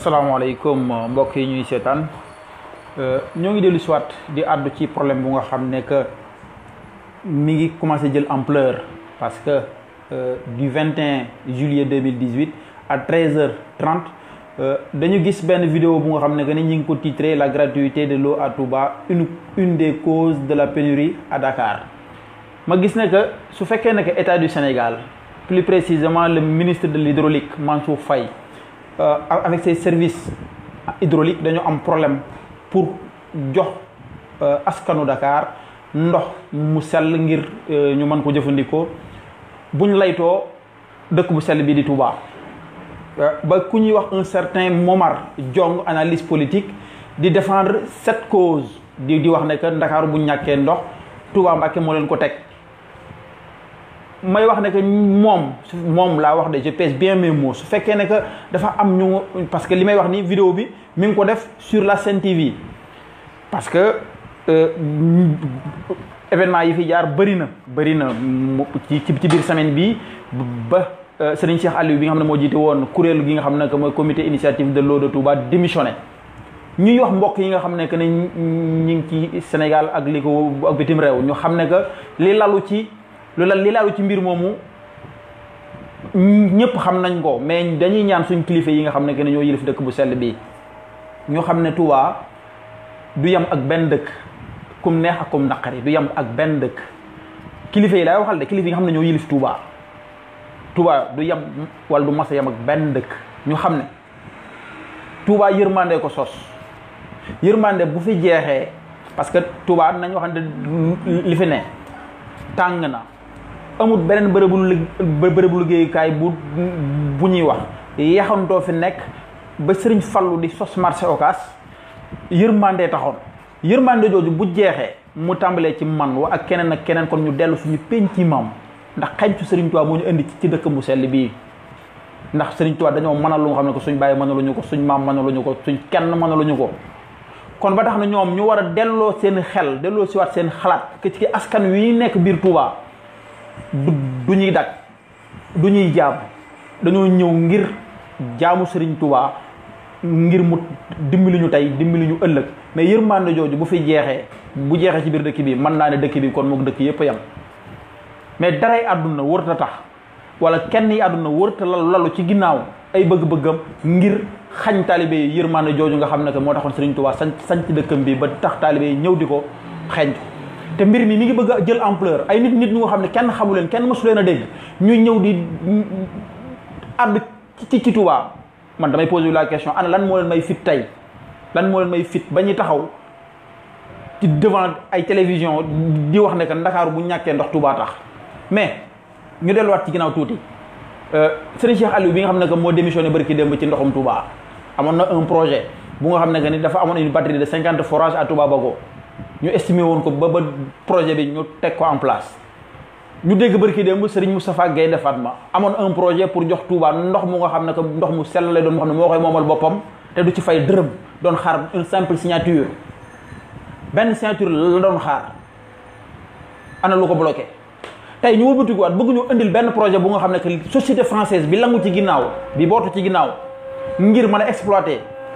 Salam mbok yi ñuy tous euh, ñoo ngi délu si di ci problème bu nga xamné que mi ngi commencé jël ampleur parce que euh, du 21 juillet 2018 à 13h30 euh, dañu vu une vidéo Qui nga été la gratuité de l'eau à Touba une une des causes de la pénurie à Dakar Je pense que ce fait ne que état du Sénégal plus précisément le ministre de l'hydraulique Mansour Faye euh, avec ses services hydrauliques dañu am problème pour jox euh, askanu Dakar ndox mu sel ngir euh, ñu mën ko jëfëndiko buñ layto dëkk bu sel bi di Touba ba ku ñuy wax un certain Momar Jong analyse politique di défendre cette cause di di wax ne que Ndakaaru bu ñaké ndox Touba Mbàkke mo leen ko tek may wax que je pèse bien mes mots dafa parce que limay ni vidéo bi sur la scène TV parce que euh, événement yi fi jaar en na ci ci euh, Aliou bi nga comité initiative de l'eau de Touba démissionné ñuy wax mbokk yi nga xam que Sénégal ak liko ak que li lalu lu la li laalu ci mbir moomu ñëpp xam nañ ko mais dañuy ñaan suñ kilifa yi nga xam ne que ne ñoo yëlif dëkk bu sell bi ñu xam ne Touba du yam ak benn dëkk kum neex ak kum naqari du yem ak benn dëkk kilifa yi laay waxal xam ne ñoo yëlif Touba Touba du yem wala du mas ak benn dëkk ñu xam ne Touba yërmande ko sos yërmande bu fi jeexee parce que Touba nañ waxante li fi ne tàng na amul beneen bërëbu bërëbu liggéeyukaay bu bu ñuy wax yaxantoo fi nekk ba sëriñ fallu di sos marché Ocass yërmande taxoon yërmande jooju bu jeexee mu tàmbalee ci man wa ak keneen ak keneen kon ñu dellu suñu penc ci maam ndax xañtu sëriñ Tuubaa moo ñu indi ci dëkk mu sell bii ndax sëriñ Tuubaa dañoo mënal lu nga xam ne ko suñ bàyyi ñu ko suñ maam lu ñu ko suñ kenn ñu ko kon ba tax na ñoom ñu war a delloo seen xel delloo siwaat seen xalaat ci askan wi nekk biir Tuubaa du du ñuy dagg du ñuy jaam dañoo ñëw ngir jaamu Sëriñ tubaa ngir mu dimbali ñu tey dimbali ñu ëllëg mais yërmande jooju bu fi jeexee bu jeexee ci biir dëkk bi mën naa ne dëkk bi kon mook dëkk yépp yam mais daray àdduna wërta tax wala kenn yi àdduna wërta lalu lalu ci ginnaaw ay bëgg-bëggam ngir xañ taalibe yi yërmande jooju nga xam ne que moo taxoon Sëriñ Tuubaa sanc sanc dëkkam bi ba tax taalibe ñëw di ko xeeñ té mbir mi mi ngi bëgg jël ampleur ay nit nit ñu nga ne kenn xamu leen kenn mësu leena dégg ñu ñëw di add ci ci Touba man damay poser la question ana lan mo leen may fit tay lan mo leen may fit bañu taxaw ci devant ay télévision di wax ne kan dakar bu ñaké ndox tuba tax mais ñu wat ci ginnaaw tuuti euh, Serigne Cheikh Aliou bi nga xam ne mo démissioné barki demb ci ndoxum tuba amon na un projet bu nga xam ne ni dafa amon une batterie de 50 forages à Touba Bago ñu estimé won ko ba ba projet bi ñu tek ko en place ñu dégg barki dem Serigne Moustapha defat Fatma amone un projet pour jox Touba ndox mu nga xam ko ndox mu sel lay doon moo mo koy momal bopam té du ci fay dërëm doon xaar une simple signature ben signature la doon xaar ana lu ko bloqué tay ñu ko waat bëgg ñu andil ben projet bu nga xam que société française bi langu ci ginnaw bi bootu ci ginnaw ngir mëna exploiter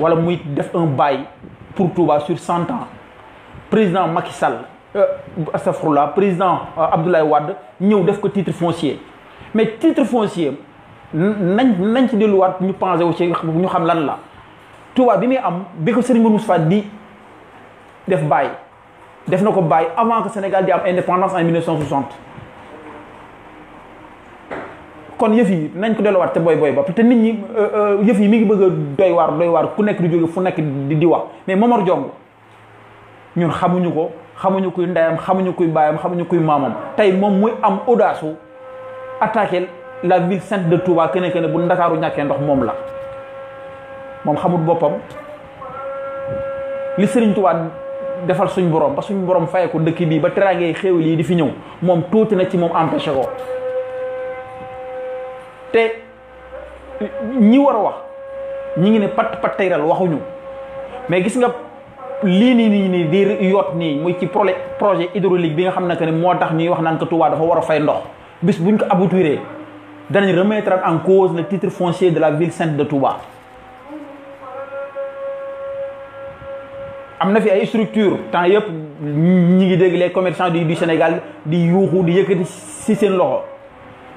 wala muy def un bail pour tout Touba sur 100 ans président Macky Sall euh, astafurlah président euh, Abdoulaye Wade a def que titre foncier mais titre foncier nañ de ci nous ñu pensé wu nous ñu xam lan la Touba bi muy am bi fait Serigne def bail def na bail avant que le Sénégal ait am indépendance en 1960 kon yëf yi nañ ko wat te boy boy ba te nit ñi euh, euh, yëf yi mi ngi bëgg doy war doy war ku nekk di jóge fu nekk di wax mais momor jong ñun xamuñu ko xamuñu kuy ndayam xamuñu kuy bayam xamuñu kuy mamam tay mom muy am audace attaquer la ville sainte de Touba kene kene bu ndakaru ñaké ndox mom la mom xamut bopam li Serigne Touba defal suñ borom ba suñ borom fayeku dekk bi ba teraangee xéewal yi di fi ñew mom na ci mom empêcher ko te ñi war a wax ñi ngi ne pat pat tayral waxuñu mais gis nga lii nii nii nii di yoot nii muy ci projet hydraulique bi nga xam ne que ne moo tax ñuy wax naan que Touba dafa war a fay ndox bis buñ ko aboutiré danañ remettre en cause le titre foncier de la ville sainte de Touba. am na fi ay structure temps yëpp ñi ngi dégg les commerçants du Sénégal di yuuxu di yëkkati si seen loxo.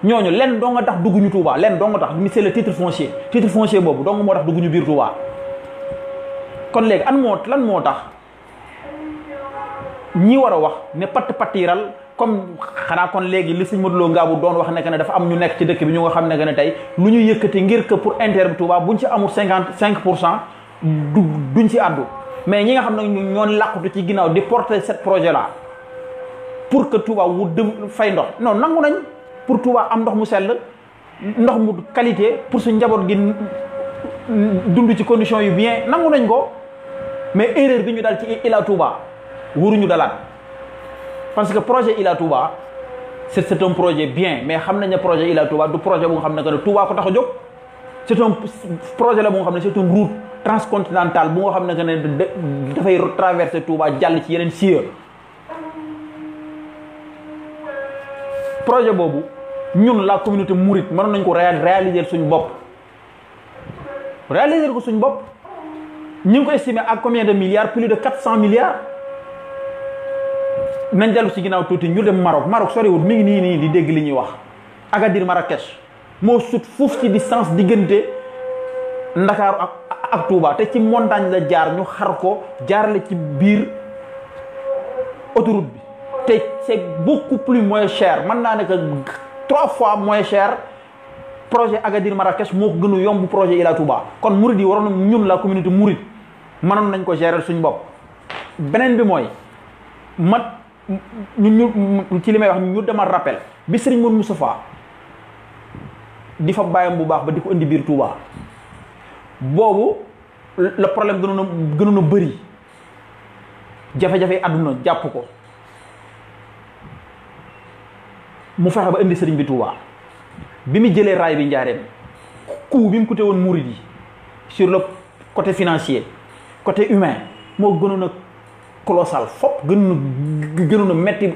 ñooñu lenn doo nga tax dugguñu Touba lenn doo nga tax mi c'est le titre foncier titre foncier boobu dong moo tax dugguñu biir Touba kon léegi an moo lan moo tax ñi war a wax ne patt pattiral comme xanaa kon léegi li sëñ Modou Lo Ngabou doon wax ne que dafa am ñu nekk ci dëkk bi ñu nga xam ne que ne tey lu ñu yëkkati ngir que pour intérêt bi Touba buñ ci amul cinquante cinq pour cent du duñ si àddu mais ñi nga xam ne ñoon làqutu ci ginnaaw di porter ce projet là pour que Touba wu dëm fay ndox pour Touba am ndox mu sell ndox mu qualité pour su njaboot gi dund ci condition yu bien nangu nañ ko mais erreur gi ñu dal ci Ila Touba wuruñu dalaat parce que projet Ila a c'est c'est un projet bien mais xam na ne projet a Touba du projet bu xam ne que ne Touba ko tax a jóg projet la bu xam ne c'est une route transcontinentale bu nga xam ne que ne dafay traverser Touba jàll ci yeneen sieur projet boobu ñun la communauté mouride mënoon nañ ko réaliser suñu bopp réaliser ko suñu bopp ñu ngi ko estimé ak combien de milliards plus de quatre cent milliards nañ dellu si ginnaaw tuuti ñu dem Maroc Maroc wut mi ngi nii nii di dégg li ñuy wax Agadir Marrakech moo sut fuuf ci distance diggante Ndakaaru ak ak te ci montagne la jaar ñu xar ko jaarale ci biir autoroute bi te c'est beaucoup plus moins cher man na nek trois fois moins cher projet Agadir Marrakech mo gënu yomb projet Ila Touba kon Mouride waron ñun la communauté Mouride manon nañ ko gérer suñ bop benen bi moy mat ñun ñu ci limay wax ñu demal rappel bi Serigne Mourou Moustapha difa bayam bu baax ba diko indi bir Touba bobu le problème gënu na gënu na bëri jafé jafé aduna japp ko mu fexe ba indi sëriñ bi Touba bi mu jëlee raay bi njaareem coût bi mu coûté woon murid yi sur le côté financier côté humain moo gënoon a colossal fop gënoon a gënoon a metti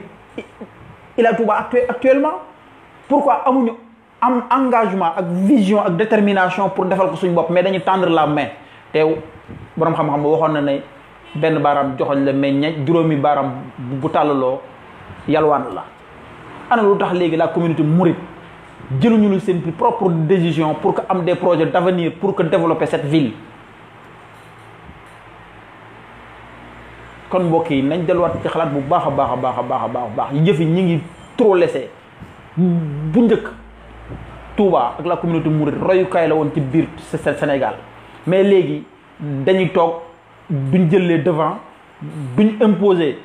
Ila Touba actuellement pourquoi amuñu am engagement ak vision ak détermination pour defal ko suñ bopp mais dañu tendre la main te borom xam-xam waxoon na ne benn baaraam joxoñ la meññe juróomi baaraam bu tàllaloo yalwaan la la communauté mouride nous propre décision pour que des projets d'avenir pour que développer cette ville kon vous trop laisser la communauté mouride la Sénégal mais avons dañuy devant imposer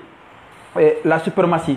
eh, la suprématie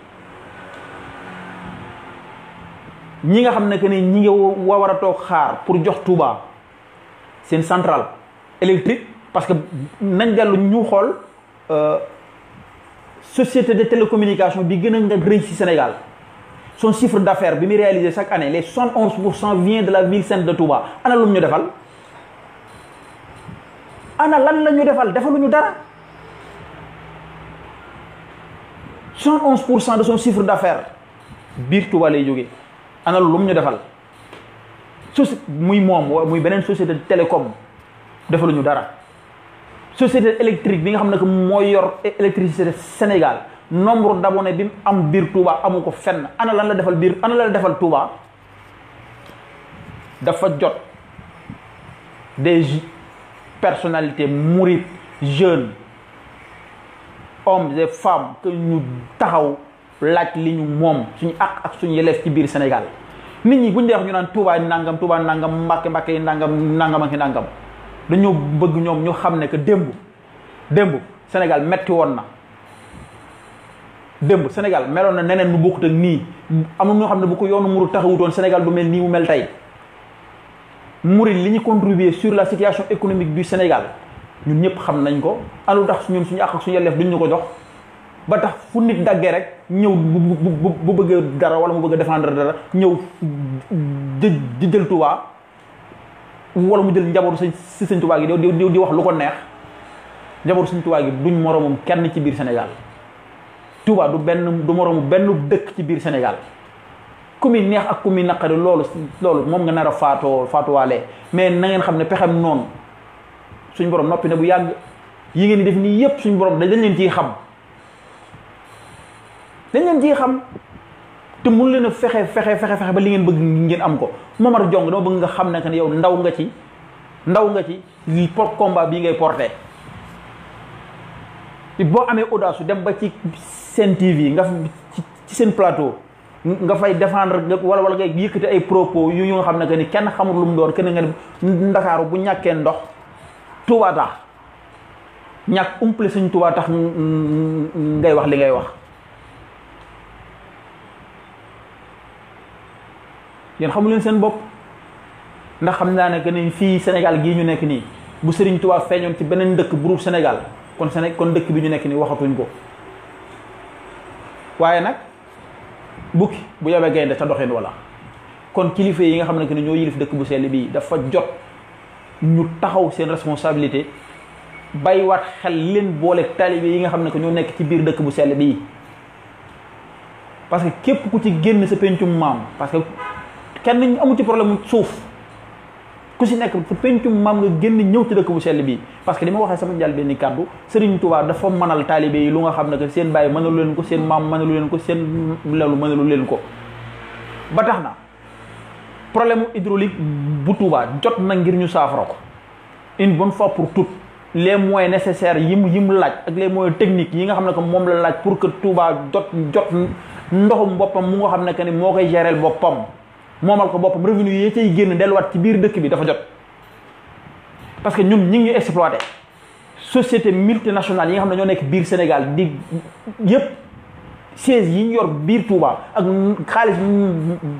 ñi nga xam que ne ñi nga wa war xaar pour jox Touba une centrale électrique parce que nañ dellu ñu euh société de télécommunication bi gën a nga ci Sénégal son chiffre d'affaires bi mi réalisé chaque année les 71% onze vient de la ville sainte de Touba ana lu ñu défal ana lan la ñu defal ñu dara soixante onze pour cent de son chiffre d'affaires biir Touba lay jogué ana defal société muy mom muy une société télécom defaluñu dara société électrique bi nga yor électricité Sénégal nombre d'abonnés bi am bir Touba amuko fenn ana lan la defal bir ana la des personnalités mourides jeunes hommes et femmes que nous taxaw laaj li ñu moom suñu àq ak suñu yelleef ci biir Sénégal nit ñi buñ dee wax ñu naan Touba nangam Touba nangam Mbàkke Mbàkke nangam nangam ak nangam dañoo bëgg ñoom ñoo xam ne que démb démb Sénégal metti woon na démb Sénégal meloon na neneen mu bokkut ak nii amul ñoo xam ne bu ko yoonu muru taxawutoon Sénégal du mel nii mu mel tey murid li ñu contribuer sur la situation économique du Sénégal ñun ñëpp xam nañ ko alu tax ñun suñu àq ak suñu yelleef duñ ñu ko jox ba tax fu nit dagge rek ñew bu bëgg dara wala mu bëgg défendre dara ñew di jël touba wala mu jël njaboot ci seigne touba gi di di wax lu ko neex njaboot seigne touba gi duñ moromum kenn ci biir sénégal tuwa du benn du moromu benn dekk ci biir sénégal kumi neex ak kumi naqari loolu loolu moom nga nara faato faato walé mais na ngeen xamné ne non noonu suñ borom noppi ne bu yàgg yi ngeen di def ni yépp suñ borom dañ leen ciy xam dañ leen ji xam te mun leen a fexe fexe fexe fexe ba li ngeen bëgg ngeen am ko Momar Jong dama bëgg nga xam ne que yow ndaw nga ci ndaw nga ci li por combat bi ngay porté bo amé audace dem ba ci sen TV nga ci sen plateau nga fay défendre wala wala ngay yëkëti ay propos yu ñu xam ne que ni kenn xamul lu mu doon kenn nga ndakaru bu ñaké ndox tuubaa tax ñak umple señ tuubaa tax mm, mm, mm, ngay wax li ngay wax yéen xamu seen bopp ndax xam naa ne que ni fii Sénégal gii ñu nekk nii bu sëriñ Touba feeñoon ci beneen dëkk bu dul Sénégal kon Séné kon dëkk bi ñu nekk nii waxatuñ ko waaye nag bukki bu yabee gaynde sa doxin wala kon kilifa yi nga xam ne que ni ñoo yilif dëkk bu sell bii dafa jot ñu taxaw seen responsabilité bàyyiwaat xel leen booleeg taalibe yi nga xam ne que ñoo nekk ci biir dëkk bu sell bii parce que képp ku ci génn sa pencum maam parce kenn amu ci problème suuf ku ci nekk fu pentu mam nga genn ñew ci dëkk bu sel bi parce que ni waxe sama njal benn kàddu serigne touba dafa manal talibé yi lu nga xam ne que seen bàyyi mënalu leen ko seen mam manal leen ko seen lelu manal leen ko ba taxna problème hydraulique bu touba jot na ngir ñu saafara ko une bonne fois pour toutes les moyens nécessaires yim yim laaj ak les moyens techniques yi nga xam ne mom la laaj pour que touba jot jot ndoxum bopam mu nga xam ne ni moo koy gérer bopam moomal ko boppam revenu yi cay génn delluwaat ci biir dëkk bi dafa jot parce que ñun ñi ngi exploité société multinationale yi nga xam ne ñoo nekk biir Sénégal di yëpp siège yi ñu yor biir Touba ak xaalis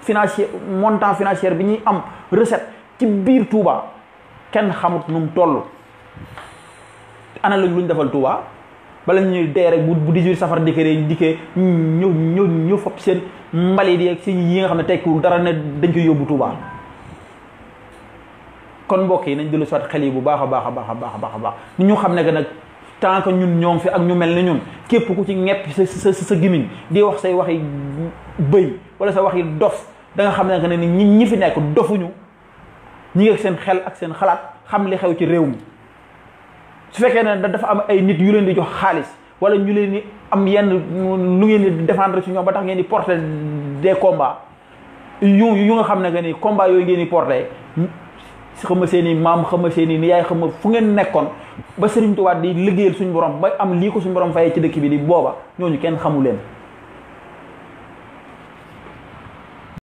financier montant financier bi ñuy am recette ci biir Touba kenn xamut nu mu toll ana luñ luñ defal Touba bala ñuy dee rek bu 18 safar dikkee dikkee ñu ñu ñu fopp seen mbaliit yi ak seen yi nga xam ne tekkiwul dara ne dañ koy yóbbu Tuubaa kon mbokk yi nañ dellu soit xel yi bu baax a baax a baax a baax a baax ñu xam ne que nag tant que ñun ñoom fi ak ñu mel ne ñun képp ku ci ñepp sa sa sa gimiñ di wax say waxi bëy wala sa waxi dof da nga xam ne que ne ñi ñi fi nekk dofuñu ñi ngi seen xel ak seen xalaat xam li xew ci réew mi. su fekkee ne dafa am ay nit yu leen di jox xaalis wala ñu leen di am yenn lu ngeen di defandre ci ñoom ba tax ngeen di porte des combats yu yu nga xam ne que ni combat yooyu ngeen di porter xama seen i maam xama seen i niyaay xama fu ngeen nekkoon ba Serigne Touba di liggéeyal suñu borom ba am lii ko suñu borom fayee ci dëkk bi di booba ñooñu kenn xamu leen